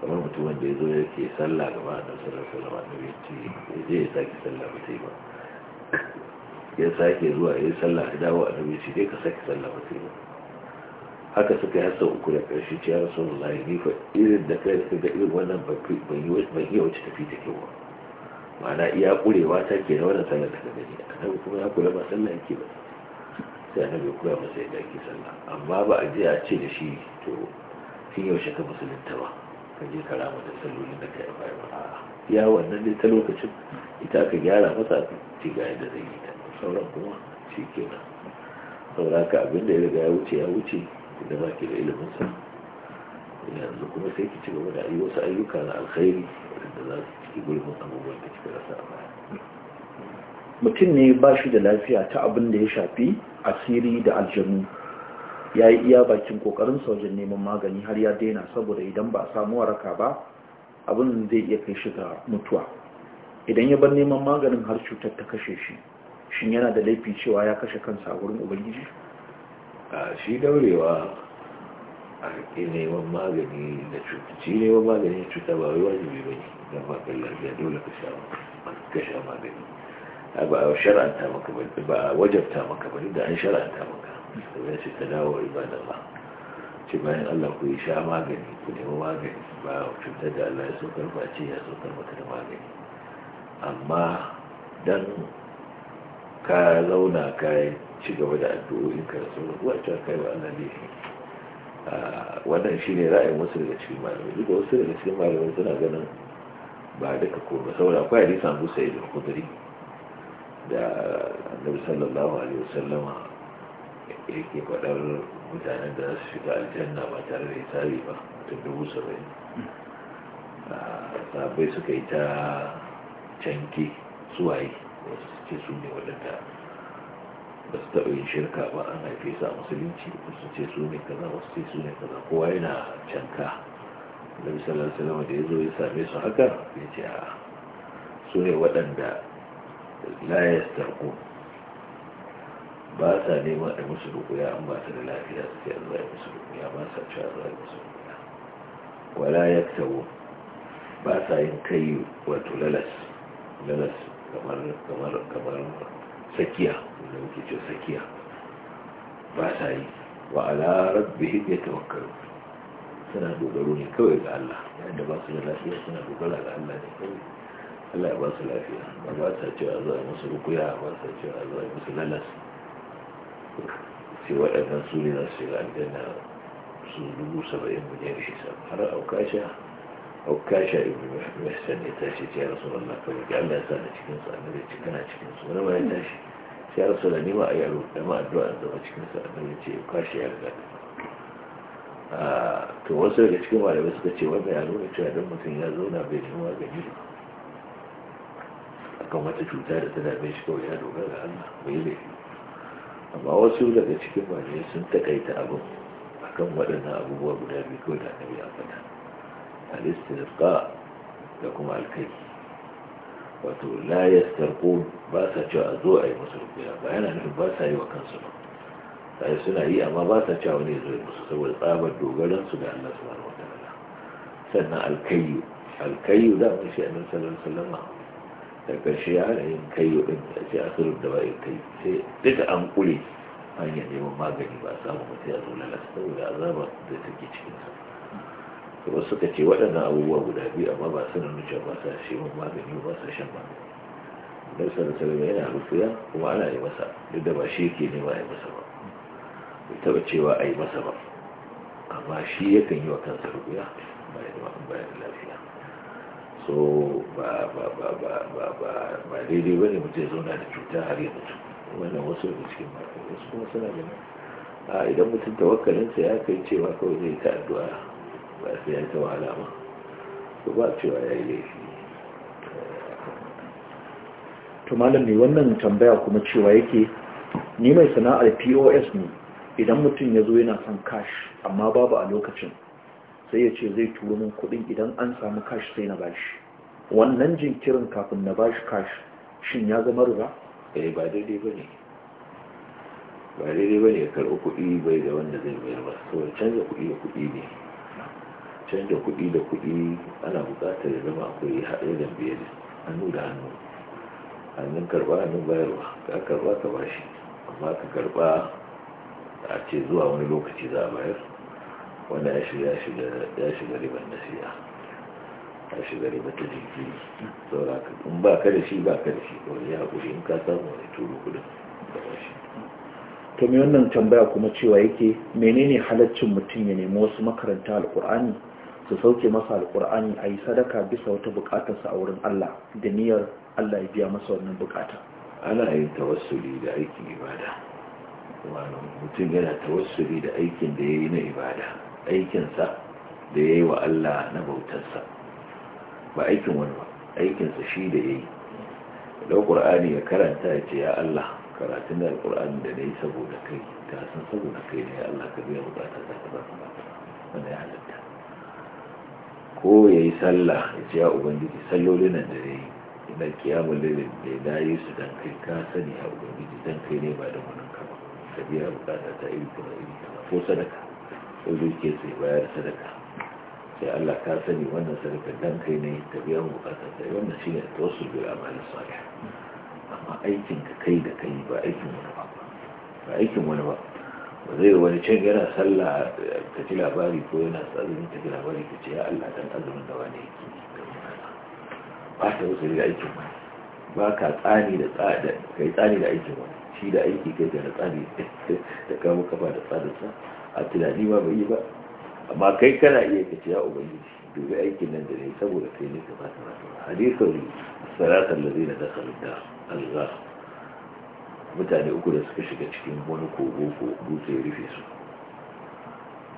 kamar mutum wanda ya zo ya ke sallah gaba da sallar sallama da ya ya je ya sake sallah ba sai ba ya sake zuwa ya yi sallah ya dawo a nabi shi dai ka sake sallah ba sai ba haka suka yi hasa uku da ƙarshe ciyar sun lai ni irin da kai suka ga irin wannan ban yi wacce tafi ta kyau ba mana iya kurewa ta ke na wannan sallar da ka a annabi kuma ya kula ba sallar yake ba sai annabi ya koya masa yadda ake sallah amma ba a je a ce da shi to tun yaushe ka musulunta ba ka je ka rama da sallolin da ka yi bayan ba ya wannan dai ta lokacin ita aka gyara masa ce ga yadda zai yi ta sauran kuma shi kenan saura ka abin da ya riga ya wuce ya wuce da ba ke da ilimin sa yanzu kuma sai ki ci gaba da yi wasu ayyuka na alkhairi da za su ke gurbin abubuwan da rasa a baya mutum ne ba shi da lafiya ta abin da ya shafi asiri da aljanu ya yi iya bakin kokarin wajen neman magani har ya daina saboda idan ba a samu waraka ba abin zai iya kai shi ga mutuwa idan ya bar neman maganin har cutar ta kashe shi shin yana da laifi cewa ya kashe kansa a wurin ubangiji shi daurewa ke neman magani da cuta shi neman magani da cuta ba wai wajibi ba ne don makon lafiya dole ka sha ka sha magani ba a shara'anta maka ba ba a wajabta maka ba da an shara'anta maka ya ce ta dawo ibada ba ce bayan allah ku yi sha magani ku nemi magani ba cutar da allah ya saukar ba ce ya saukar maka da magani amma dan ka zauna ka ci gaba da addu'o'in ka da sauran wacce kai wa allah ne wannan shi ne ra'ayin wasu daga cikin malamai duk wasu daga cikin malamai suna ganin ba duka ko ba saboda akwai hadisi an busa da kudiri da annabi sallallahu alaihi wasallama yake faɗar mutanen da za su shiga aljanna ba tare da hisabi ba mutum dubu saba'in sabai suka yi ta canke suwaye wasu suke su ne waɗanda ba su taɓa yin shirka ba an haife su a musulunci su ce su ne kaza wasu ce su ne kaza kowa yana canka da misalar salama da ya zo ya same su haka ya ce a su ne waɗanda layas tarko ba sa nema da musu rukuya an ba su da lafiya su ce an zai musu rukuya ba sa cewa zai musu rukuya wala ya tabo ba sa yin kai wato lalas lalas kamar kamar kamar لوكي جوسكيا باساي وعلى ربهم يتوكلون سنة دوغلون كوي الله عند باس الله فيها سنة دوغل على الله كوي الله باس الله فيها وباسا جو أزاي مصروك يا باسا جو أزاي مصر للاس سواء نسولي نسل عندنا سنة سبعين من يمشي سبع حراء أو كاشا أو كاشا ابن محسن يتاشي يا رسول الله كوي قال لا سنة چكنس أنا بيت چكنا چكنس ونما يتاشي ya rasu da nima a yaro da ma addu'a da zama cikin sa ya ce kashi ya riga to wasu daga cikin malamai suka ce wanda ya nuna cewa don mutum ya zauna bai nemi magani akan wata cuta da tana mai shi kawai ya dogara ga Allah bai laifi amma wasu daga cikin malamai sun takaita abin akan waɗannan abubuwa guda biyu kawai da annabi ya faɗa al da kuma alkai wato la Sarko, ba sa cewa a zo a yi musu rukuya ba yana nufin ba sa yi wa kansu ba yi suna yi amma ba sa cewa wani zo yi musu saboda tsabar dogaran su ga Allah wata wataala sannan alkayyu alkayyu da mu shi annabi sallallahu alaihi da karshe ya hana yin kayyu din da ce da ba yin sai duka an kule hanyar neman magani ba a samu ya zo lalata saboda azabar da take cikin sa kuma suka ce waɗannan abubuwa guda biyu amma ba suna nuna ba sa shi mun magani ba sa shan ba magani da sallallahu yana rufiya kuma ana yi masa duk da ba shi yake nema a yi masa ba bai taɓa cewa a yi masa ba amma shi yakan yi wa kansa rufiya bayan bayan lafiya so ba ba ba ba ba ba ba daidai bane mu je zauna da cuta har ya mutu wannan wasu da cikin malamai wasu kuma suna gani a idan mutum tawakkalinsa ya kai cewa kawai zai ta addu'a ba sai an ta wahala ba su ba cewa ya yi laifi to malam ne wannan tambaya kuma cewa yake ni mai sana'ar pos ne idan mutum ya zo yana son cash amma babu a lokacin sai ya ce zai turo min kudin idan an samu cash sai na bashi wannan jinkirin kafin na bashi cash shin ya zama riba eh ba daidai ba ne ba daidai ba ne ya karɓi kuɗi bai da wanda zai bayar ba kawai canza kuɗi da kuɗi ne canza kuɗi da kuɗi ana buƙatar ya zama akwai haɗe da biyar da hannu da hannu hannun karɓa hannun bayarwa ka karɓa ka bashi amma ka karɓa a ce zuwa wani lokaci za a bayar wanda ya shiga ya shiga riban nasiya ya shiga ribar ta jinkiri saura ka in ba ka da shi ba ka da shi wani ya haƙuri in ka samu wani turu kuɗin da bashi to mai wannan tambaya kuma cewa yake menene halaccin mutum ya nemi wasu makaranta alkur'ani su sauke masa alkur'ani a yi sadaka bisa wata bukatarsa a wurin Allah da niyyar Allah ya biya masa wannan bukata ana yin tawassuli da aikin ibada wani mutum yana tawassuli da aikin da ya yi na ibada aikinsa da ya yi wa Allah na bautarsa ba aikin wani ba aikinsa shi da ya yi da ƙur'ani ya karanta ya ce ya Allah karatun da alƙur'ani da na yi saboda kai ta san saboda kai ne Allah ka biya bukata ta ko ya yi sallah ya ce ya ubangiji sallolin nan da zai ina kiyamun lilin da ya yi su dan kai ka sani ya ubangiji dan kai ne ba da wani kama ka biya bukata ta iri kuma iri kama ko sadaka ko zuke su ya bayar sadaka sai Allah ka sani wannan sadaka dan kai ne ka biya bukata ta wannan shine tawassul bil amali salih amma aikin ka kai da kai ba aikin wani ba ba aikin wani ba ba zai wani can yana sallah ta ci labari ko yana azumi ta ci labari ta ce ya Allah dan azumin da wani yake ba ta wasu da aikin wani ba ka tsani da kai tsani da aikin wani shi da aiki kai da tsani da kamo kafa da tsadarsa a tunani ma bai yi ba amma kai kana iya ka ce ya ubangiji dubi aikin nan da ne saboda kai ne ka ba ta ba hadisun salatar lazina da salida alzara mutane uku da suka shiga cikin wani kogo ko dutse ya rufe su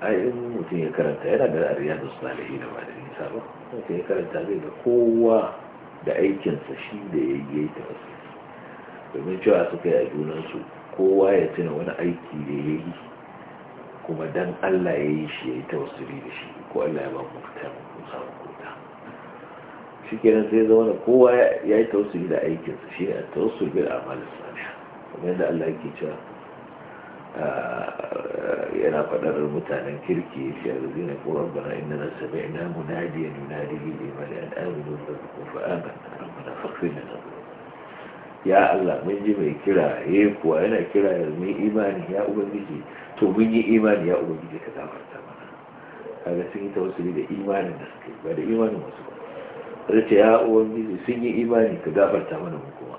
ai mutum ya karanta yana da su salihi da ba da nisa ba mutum ya karanta zai da kowa da aikinsa shi da ya yi ta wasu domin cewa suka yi a junansu kowa ya tuna wani aiki da ya yi kuma dan Allah ya yi shi ya yi ta tausiri da shi ko Allah ya ba mu fita mu samu kota shi kenan sai zama da kowa ya yi ta tausiri da aikinsa shi ne a wasu da amalinsa kuma yadda Allah yake cewa ah, yana faɗar mutanen kirki shi a zina ko rabbana inna na sami ina munadiyan yunadi ne limani an aminu da ku fa'ana rabbana faghfir lana ya Allah mun ji mai kira ya eh yi kuwa yana kira ya mu imani ya ubangiji to mun yi imani ya ubangiji ka gafarta mana kaga sun yi tawassuli da imanin da suke ba da imanin wasu ba sai ya ubangiji sun yi imani ka gafarta mana mu kuma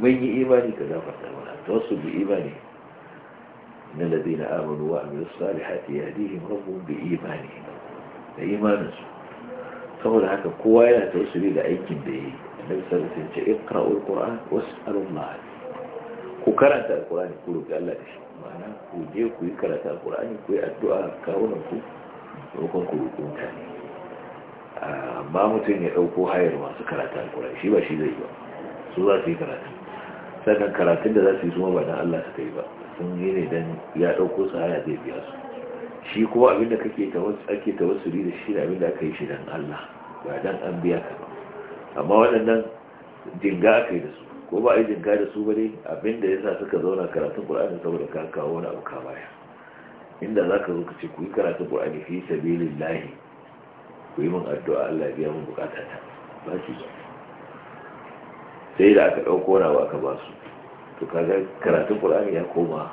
mun yi imani ka gafarta توسل بإيمانهم إن الذين آمنوا وعملوا الصالحات يهديهم ربهم بإيمانهم بإيمان saboda haka kowa yana tausayi da aikin da yi annabi sallallahu alaihi wasallam ya iqra alquran was'alu Allah ku karanta alqurani ku roki Allah da shi ma'ana ku je ku yi karanta alqurani ku yi addu'a kawunan ku ku roƙi mutane amma mutum ya ɗauko hayar masu karanta alqurani shi ba shi zai yi ba su za su yi karatu sannan karatun da za su yi su ba don Allah ta yi ba sun yi ne don ya ɗauko su haya zai biya su shi kuma abinda da kake ta wasu ake ta wasu da shi da abin da aka yi shi don Allah ba don an biya ka ba amma waɗannan dinga aka yi da su ko ba a yi jinga da su ba bane abinda ya sa suka zauna karatun ƙul'ani saboda ka kawo wani abu ka baya inda za ka zo ka ce ku yi karatun ƙul'ani fi sabilin lahi ku yi min addu'a Allah biya min bukata ba shi ba sai da aka ɗauko na ba aka ba su to kaga karatun qur'ani ya koma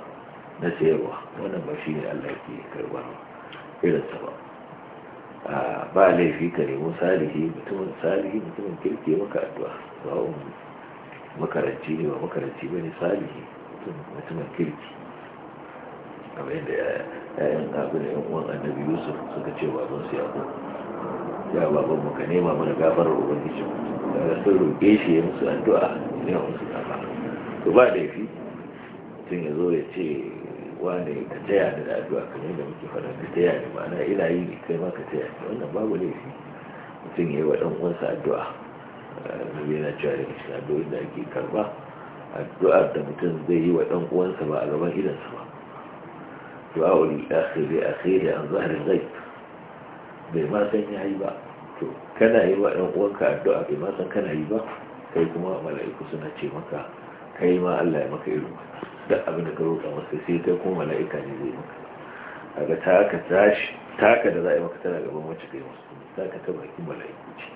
na sayarwa wannan ba ne Allah ke karba irin ta ba ba laifi ka nemo salihi mutumin salihi mutumin kirki maka addu'a ba makaranci ne ba makaranci ne salihi mutumin kirki kamar yadda yayan abin yan uwan annabi yusuf suka ce baban su yabo ya baban mu ka nema mana gafarar ubangiji daga sun roƙe shi ya musu addu'a ya musu gafa to ba laifi tun ya zo ya ce wane ka taya da addu'a kamar yadda muke faɗa ka taya ni? ma'ana ina yi ne kai ma ka taya ni. wannan babu laifi mutum ya yi wa ɗan uwansa addu'a annabi yana cewa da cikin addu'o'in da ake karba addu'ar da mutum zai yi wa ɗan uwansa ba a gaban idansa ba du'a'ul akhir bi akhiri an zahir ghaib bai ma san yayi ba to kana yi wa ɗan uwanka addu'a bai ma san kana yi ba kai kuma mala'iku suna ce kai ma Allah ya maka irin da abin da ka roƙa masa sai kai kuma mala'ika ne zai maka kaga taka tashi taka da za a yi maka tana gaban wacce kai masu taka ta bakin mala'iku ce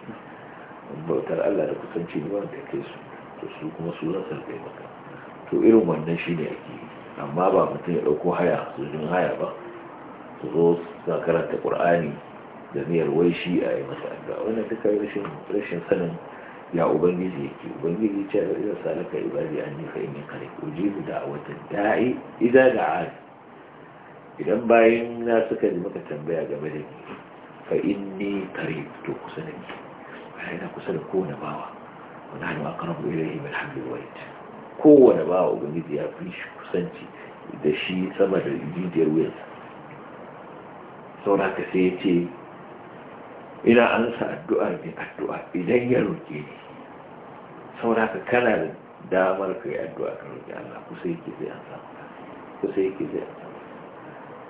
bautar Allah da kusanci ne kai su to su kuma su to irin wannan shine ne yi amma ba mutum ya ɗauko haya sojin haya ba su zo suna karanta ƙur'ani da niyyar wai shi a yi masa addu'a wannan duka rashin rashin sanin ya ubangiji yake ubangiji ce da idan salaka ibadi an nifa in kare ujibu da wata da'i idan da idan bayan na suka ji maka tambaya game da ni fa inni kare to kusa da ni bayan na kusa da kowane bawa wani hannu aka rabu ilaihi min hamdu wa kowane ba a ubangiji ya fi shi kusanci da shi sama da jijiyar wuyansa sauraka sai ya ce ina ansa addu'a ne addu'a idan ya roƙe ni sauraka kana da damar ka yi addu'a ka roƙe Allah kusa yake zai an samu kusa yake zai an samu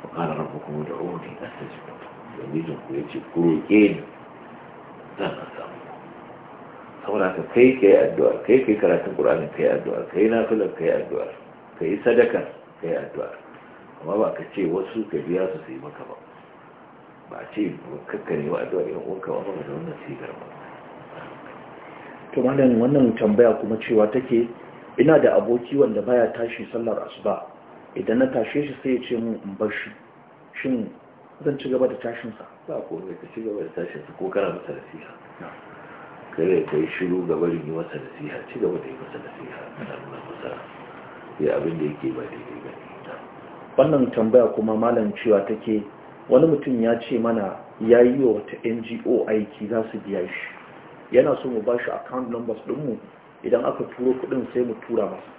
wa kana rabu kuma da ohun da ta ji ubangijin ku ya ce ku roƙe ni zan an samu saboda ka kai kai addu'a kai kai karatun qur'ani kai addu'a kai yi kai addu'a kai sadaka kai addu'a amma ba ka ce wasu ka biya su su yi maka ba ba ce kakkare wa addu'a irin uwanka ba ba da wannan sigar ba to malam wannan tambaya kuma cewa take ina da aboki wanda baya tashi sallar asuba idan na tashe shi sai ya ce mun in bar shi shin zan ci gaba da tashinsa ba ko ka ci gaba da tashinsa ko kana masa nasiha kare ka yi shiru ga barin yi masa nasiha ci gaba da yi masa nasiha ana nuna kusa ya abin da yake ba daidai ba wannan tambaya kuma malam cewa take wani mutum ya ce mana ya yi wa wata ngo aiki za su biya shi yana so mu ba shi account numbers dinmu idan aka turo kudin sai mu tura masa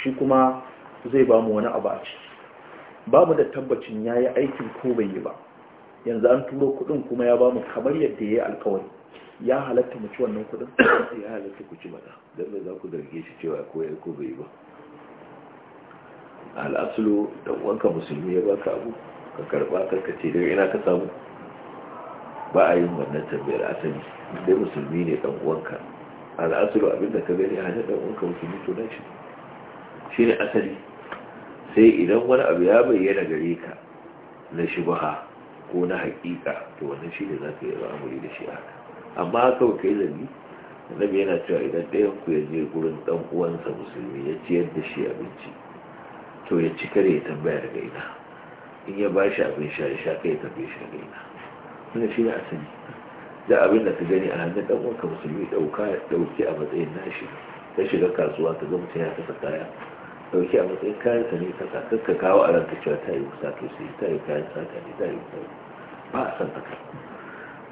shi kuma zai ba mu wani abu a ciki ba mu da tabbacin ya yi aikin ko bai yi ba yanzu an turo kudin kuma ya ba mu kamar yadda ya yi alkawari ya halatta mu ci wannan kudin eh, ya halatta ku ci mata don da za ku zarge shi cewa ko ya ko bai ba al'asulu da wanka musulmi ya baka abu ka karba karkace daga ina ka samu ba a yin wannan tambayar asali dai musulmi ne dan uwanka al'asulu abinda ka gani hada dan uwanka musulmi to dan shi shi ne asali sai idan wani abu ya bayyana gare ka na shubaha ko na haƙiƙa to wannan shi ne za ka yi ra'amuri da shi haka amma kawai kai zabi annabi yana cewa idan ɗayan ku ya je gurin ɗan uwansa musulmi ya ciyar da shi abinci to ya ci kare ya tambaya daga gaina in ya ba shi abin sha sha kai ya tambaye shi daga ina wannan shi ne asali da abin da ka gani a hannun ɗan uwanka musulmi ɗauka ɗauki a matsayin nashi ta shiga kasuwa ta zama ta ya kasa kaya ɗauki a matsayin kayan sa ne kasa kakka kawo a ranka cewa ta yi wuta to sai ta yi kayan sata ne ta yi kusa ba a san haka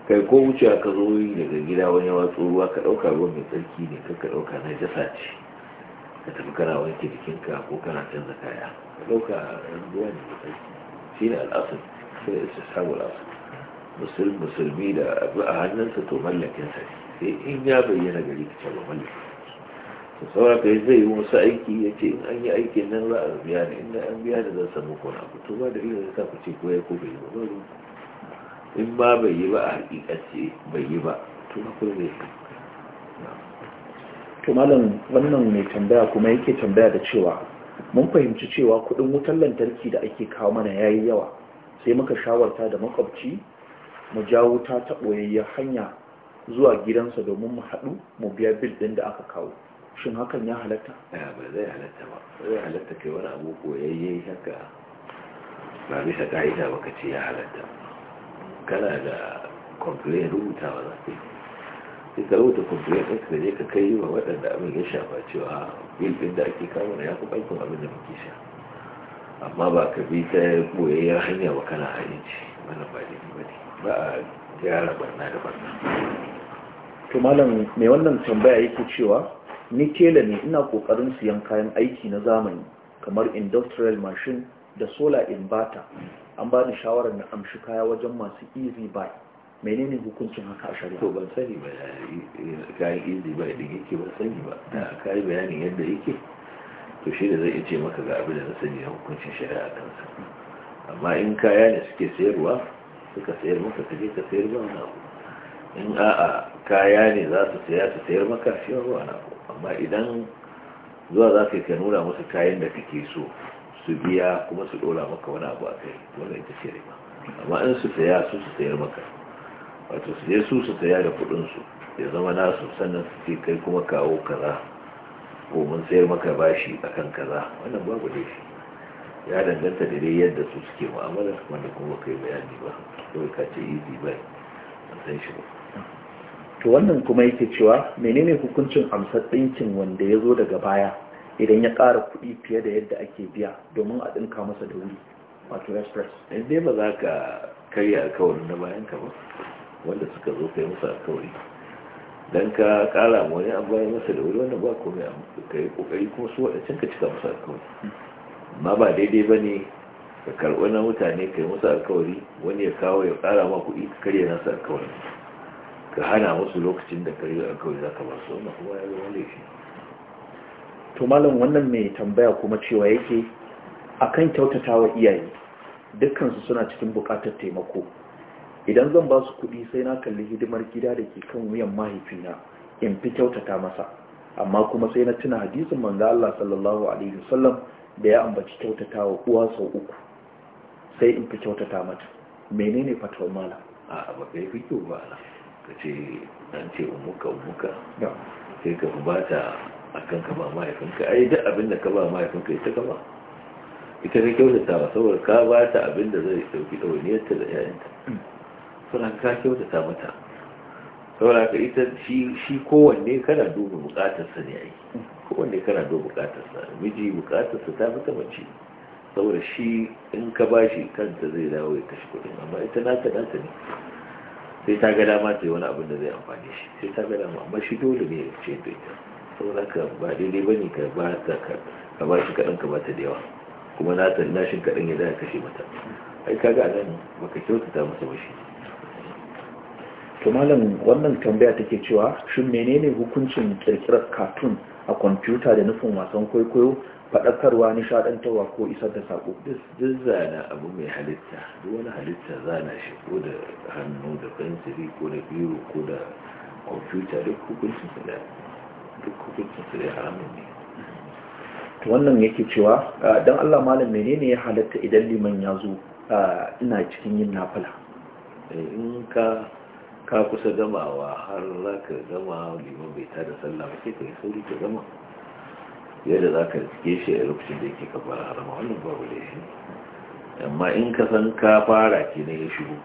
kai ko wucewa ka zo yi daga gida wani watsu ruwa ka ɗauka ruwan mai tsarki ne ka ka ɗauka na jasa ce ka tafi kana wanke jikinka ko kana canza kaya ka ɗauka ruwa ne mai tsarki shi ne al'asar sai isa samu al'asar musulmi musulmi da abu a hannunsa to mallakinsa ne sai in ya bayyana gari ka ce ba mallakin to saura ka zai yi wasu aiki ya ce in an yi aikin nan za a biya ne in an biya ne zan samu kona ku to ba da ilimin sa ku ce ko ya ko bai ba ba in ba bai yi ba a hakikace bai yi ba to kuma ne. to malam wannan mai tambaya kuma yake tambaya da cewa mun fahimci cewa kudin wutar lantarki da ake kawo mana yayi yawa sai muka shawarta da makwabci mu ja wuta ta boyayyar hanya zuwa gidansa domin mu haɗu mu biya bil ɗin da aka kawo shin hakan ya halatta? Eh, ba zai halatta ba zai halatta kai wani abu koyayye haka ba bisa ka'ida ba ka ce ya halatta kana da rubuta ba za ka yi ka rubuta complain ɗin ka je ka kai wa waɗanda abin ya shafa cewa bil ɗin da ake kamar ya fi aikin abin da muke sha amma ba ka bi ta ɓoyayyar hanya ba kana hanyarci wannan ba ne ba ne ba a gyara barna da barna to malam mai wannan tambaya yake cewa ni tela ne ina kokarin siyan kayan aiki na zamani kamar industrial machine da solar inverter an ba ni shawarar na amshi kaya wajen masu easy buy menene hukuncin haka a shari'a to ban sani ba kayan easy buy din yake ban sani ba da kai bayanin yadda yake to shi da zai iya ce maka ga abin da na sani na hukuncin shari'a kansa amma in kaya ne suke sayarwa suka sayar maka ka je ka sayar ba wani abu in a'a kaya ne za su saya su sayar maka shi ba wani abu amma idan zuwa za ka nuna musu kayan da kake so su biya kuma su dora maka wani abu a kai wannan ita ce riba amma in su saya su su sayar maka wato su je su su saya da kudin su ya zama nasu sannan su ce kai kuma kawo kaza ko mun sayar maka bashi akan kaza wannan babu shi. ya danganta da dai yadda su suke mu'amala wanda kuma kai bayani ba kawai ka ce easy bai an san shi ba to wannan kuma yake cewa menene hukuncin amsar ɗinkin wanda ya zo daga baya idan ya ƙara kuɗi fiye da yadda ake biya domin a ɗinka masa da wuri wato express eh, dai ba za ka karya kawai na bayan ka ba wanda suka zo kai masa a kawai don ka ƙara wani a bayan masa da wuri wanda ba kome a kai ƙoƙari kuma su waɗancan ka cika a kawai amma ba daidai ba ne ka karɓi na mutane kai masa a kawai wani ya kawo ya ƙara ma kuɗi ka karya a kawai ka hana musu lokacin da karya kawai za ka ba su wannan kuma ya zama laifi to malam wannan mai tambaya kuma cewa yake akan kyautata wa iyaye dukkansu suna cikin bukatar taimako idan zan ba su kuɗi sai na kalli hidimar gida da ke kan wuyan mahaifina in fi kyautata masa amma kuma sai na tuna hadisin manzo Allah sallallahu alaihi wasallam da ya ambaci kyautata wa uwa sau uku sai in fi kyautata mata menene fatawar malam a ba fi kyau ba ka ce dan ce umuka umuka sai ka ba ta a kan ka ba mahaifinka ai duk abin da ka ba mahaifinka ita ka ba ita ka kyautata ba saboda ka ba ta abin da zai ɗauki ɗawainiyarta da ‘ya'yanta suna ka kyautata mata saboda ka ita shi kowanne kana duba bukatarsa ne ai kowanne kana duba bukatarsa miji bukatarsa ta mata mace saboda shi in ka ba shi kanta zai dawo ya kashe kudin amma ita nata nata ne sai ta ga dama ta yi wani abin da zai amfani shi sai ta ga dama amma shi dole ne ya ce da ita saboda ba daidai ba ne ka ba shi kaɗan ka ba da yawa kuma na ta nashin kaɗan ya za kashe mata ai kaga a nan baka kyautata masa ba shi malam wannan tambaya take cewa shin menene hukuncin kirkirar katun a kwamfuta da nufin wasan kwaikwayo faɗakarwa nishaɗantarwa ko isar da saƙo duk zana abu mai halitta duk wani halitta zana shi ko da hannu da fensiri ko da biro ko da kwamfuta duk hukuncin su duk hukuncin su zai haramun ne wannan yake cewa ah, don Allah malam menene ya halatta idan liman ya zo ah, ina cikin yin nafila eh, in ka ka kusa gamawa har za ka gama liman bai tada sallah ba sai ka yi sauri ka gama yadda za ka riske shi a lokacin da yake ka fara harama wannan babu shi amma in ka san ka fara ke ya shigo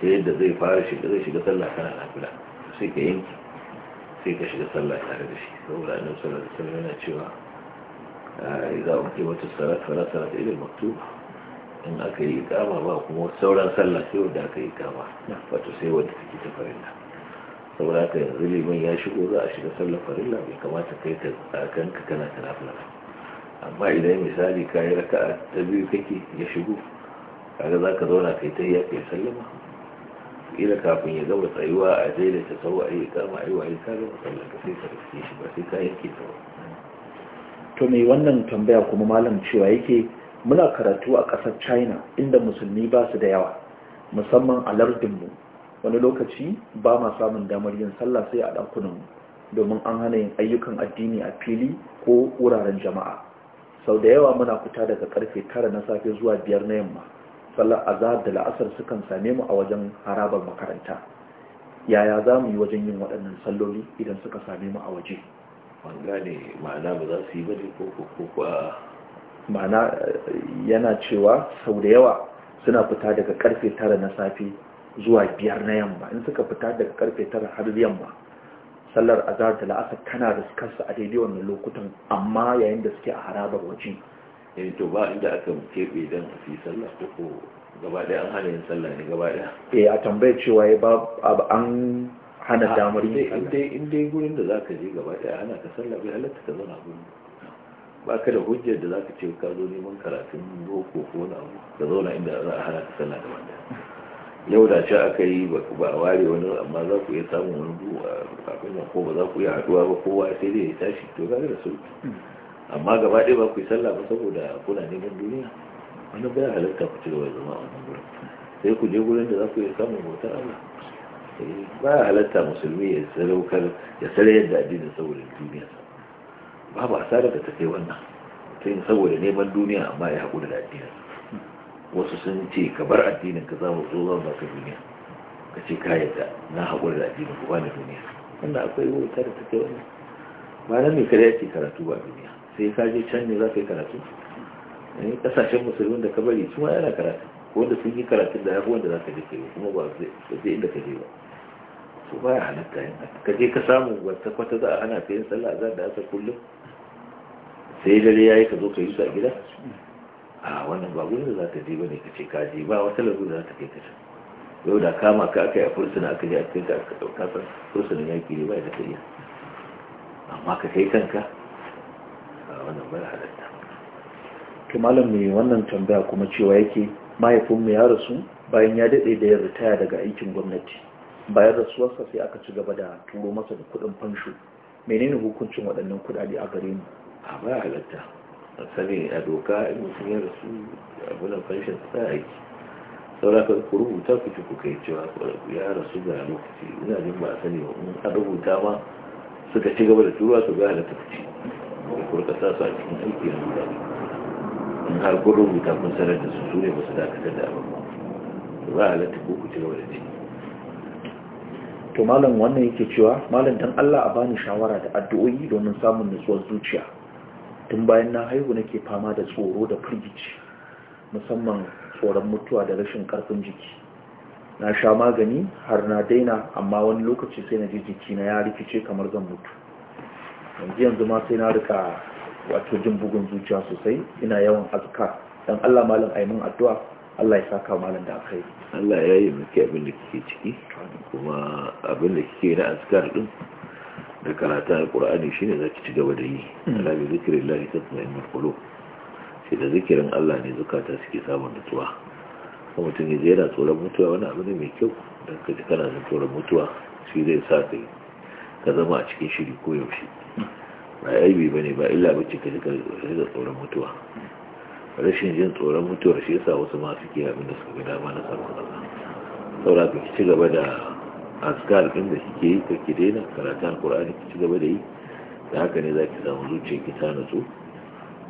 ta yadda zai fara shiga zai shiga sallah kana nafila sai ka yanki sai ka shiga sallah tare da shi saboda annabi sallallahu alaihi wasallam yana cewa ah, idza uqimat wata salat fala salata illa al-maktuba in aka yi kama ba kuma sauran sallah sai wanda aka yi kama wato sai wanda take ta farilla saboda haka yanzu liman ya shigo za a shiga sallar farilla bai kamata kai ta ka kana ta nafila amma idan misali kayi raka'a ta biyu kake ya shigo kaga zaka zauna kai ta yi ya kai sallama ila kafin ya zaura tsayuwa a ta sau a yi kama a yi wa yi da gaba ka sai ka shi ba sai ka ke ta to mai wannan tambaya kuma malam cewa yake muna karatu a ƙasar china inda musulmi ba su da yawa musamman a lardinmu wani lokaci ba ma samun damar yin sallah sai a ɗakunanmu domin an hana yin ayyukan addini a fili ko wuraren jama'a sau da yawa muna fita daga karfe tara na safe zuwa biyar na yamma sallar azhar da la'asar sukan same mu a wajen harabar makaranta yaya za mu yi wajen yin waɗannan salloli idan suka same mu a waje ban ma'ana ba za su yi bane ko ko ko ma'ana eh, yana cewa sau da yawa suna fita daga karfe tara na safe zuwa biyar na yamma in suka fita daga karfe tara har yamma sallar azhar da la'asar tana da riskarsa a daidai wannan lokutan amma yayin da suke a harabar waje in eh, to ba inda aka keɓe don a fi sallah ko gaba ɗaya an hana yin sallah ne gaba ɗaya eh a tambayar cewa ya ba an hana ah, damar yin sallah in dai gurin da zaka je gaba ɗaya hana ka sallah bai halatta ka zauna gurin ba ka da hujjar da zaka ce ka zo neman karatun boko ko wani abu ka zauna inda za a hana ka sallah gaba ɗaya yau da ce aka yi ba a ware wani amma za ku iya samun wani duwa kafin ko ba za ku iya haɗuwa ba kowa sai dai ya tashi to ga da sauki amma gaba ɗaya ba ku yi sallah ba saboda kuna neman duniya wani ba ya ku cire gaba zama a wannan gurin sai ku je gurin da za ku yi samun bautar Allah eh, ba ya halatta musulmi ya sadaukar ya sare yadda addinin saboda duniya ba a asara da ta kai wannan sai saboda neman duniya amma ya haƙura da addinin wasu sun ce ka bar addinin ka zama zo zan baka duniya ka ce ka yadda na haƙura da addinin ku bani duniya wannan akwai wuta da ta kai wannan ba na ne kada yake karatu ba duniya sai ka je can ne za ka yi karatu eh, kasashen musulmi da ka bari su ma yana karatu wanda sun yi karatu da yafi wanda za ka je kai kuma ba su zai inda ka je ba su ba ya halatta yin ka je ka samu wata kwata za a ana ta yin sallah za da asar kullum sai dare ya yi ka zo ka yi su a gida a wannan ba gudun da za ka je ba ne ka ce ka je ba wata da za ta kai ka can yau da kama ka aka yi a fursuna aka yi a cikin kasar fursunan yaƙi ne ba ya da kariya amma ka kai kanka wannan bai halatta to malam mai wannan tambaya kuma cewa yake mahaifinmu ya rasu bayan ya dade da ya ritaya daga aikin gwamnati bayan rasuwarsa sai aka ci gaba da turo masa da kuɗin fansho menene hukuncin waɗannan kudade a gare mu a bai halatta a sani a doka in mutum ya rasu fansho fanshin ta aiki saurakan ku rubuta ku ci ku kai cewa ya rasu ga lokaci ina jin ba a sani ba in a rubuta ma suka ci gaba da turuwa su ga halatta ku ci da sa su a cikin aiki na guda in har kun rubuta kun sanar da su su ne ba su dakatar da abin ba ba a ko ku ci da to malam wannan yake cewa malam dan Allah a bani shawara da addu'o'i domin samun nutsuwar zuciya tun bayan na haihu nake fama da tsoro da firgici musamman tsoron mutuwa da rashin karfin jiki na sha magani har na daina amma wani lokaci sai na ji jiki na ya rikice kamar zan mutu yanzu yanzu ma sai na rika wato jin bugun zuciya sosai ina yawan azkar dan Allah malam aimin addu'a Allah ya saka malam da akai Allah ya yi miki abin da kike ciki kuma abin da kike na azkar din da karata alqur'ani shine zaki ci gaba da yi hmm. Allah bi zikrillahi tatma'innul qulub sai da zikirin Allah ne zukata suke samun nutsuwa kuma mutum ya jera tsoron mutuwa wani abu ne mai kyau da ka ji kana tsoron mutuwa shi zai sa ka zama a cikin shiri ko yaushe ba aibi ba ne ba illa ba ce kaji kaji da tsoron mutuwa rashin jin tsoron mutuwar shi yasa wasu masu ke abin da suka ga dama na sabon kasa saura ka ci gaba da askar din da kike yi ka ki daina karatu alqur'ani ki ci gaba da yi da haka ne za ki samu zuciya ki ta nutsu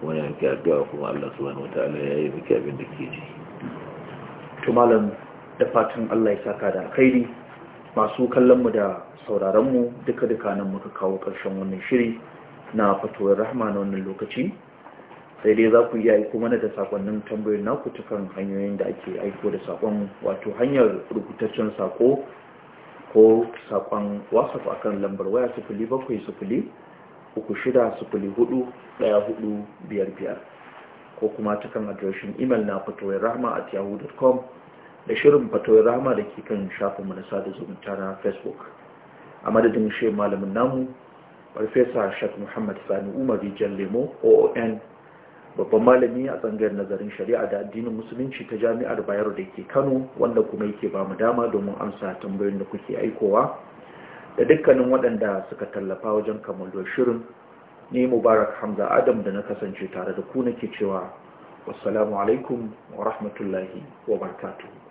wani yanki addu'a kuma Allah subhanahu wataala ya yi miki abin da ke ji tumalan malam da fatan Allah ya saka da alkhairi masu kallon mu da sauraron mu duka duka nan muka kawo karshen wannan shiri na fatowar rahama na wannan lokaci sai dai za ku iya aiko mana da sakonnin tambayar naku kan hanyoyin da ake aiko da sakon wato hanyar rubutaccen sako ko sakon whatsapp akan lambar waya sufuli bakwai sufuli uku shida sufuli hudu daya hudu biyar biyar ko kuma ta kan adireshin imel na fatowar rahama at yahoo.com da shirin fatowar rahama da ke kan shafinmu na sada zumunta na facebook a madadin shi malamin namu farfesa shak muhammad sani umari jan lemo oon babban malami a tsangayar nazarin shari'a da addinin musulunci ta jami'ar bayero da ke kano wanda kuma yake ba mu dama domin amsa tambayoyin da kuke aikowa da dukkanin waɗanda suka tallafa wajen kammaluwar shirin ni mubarak hamza adam da na kasance tare da ku nake cewa wassalamu alaikum wa rahmatullahi wa barakatuhu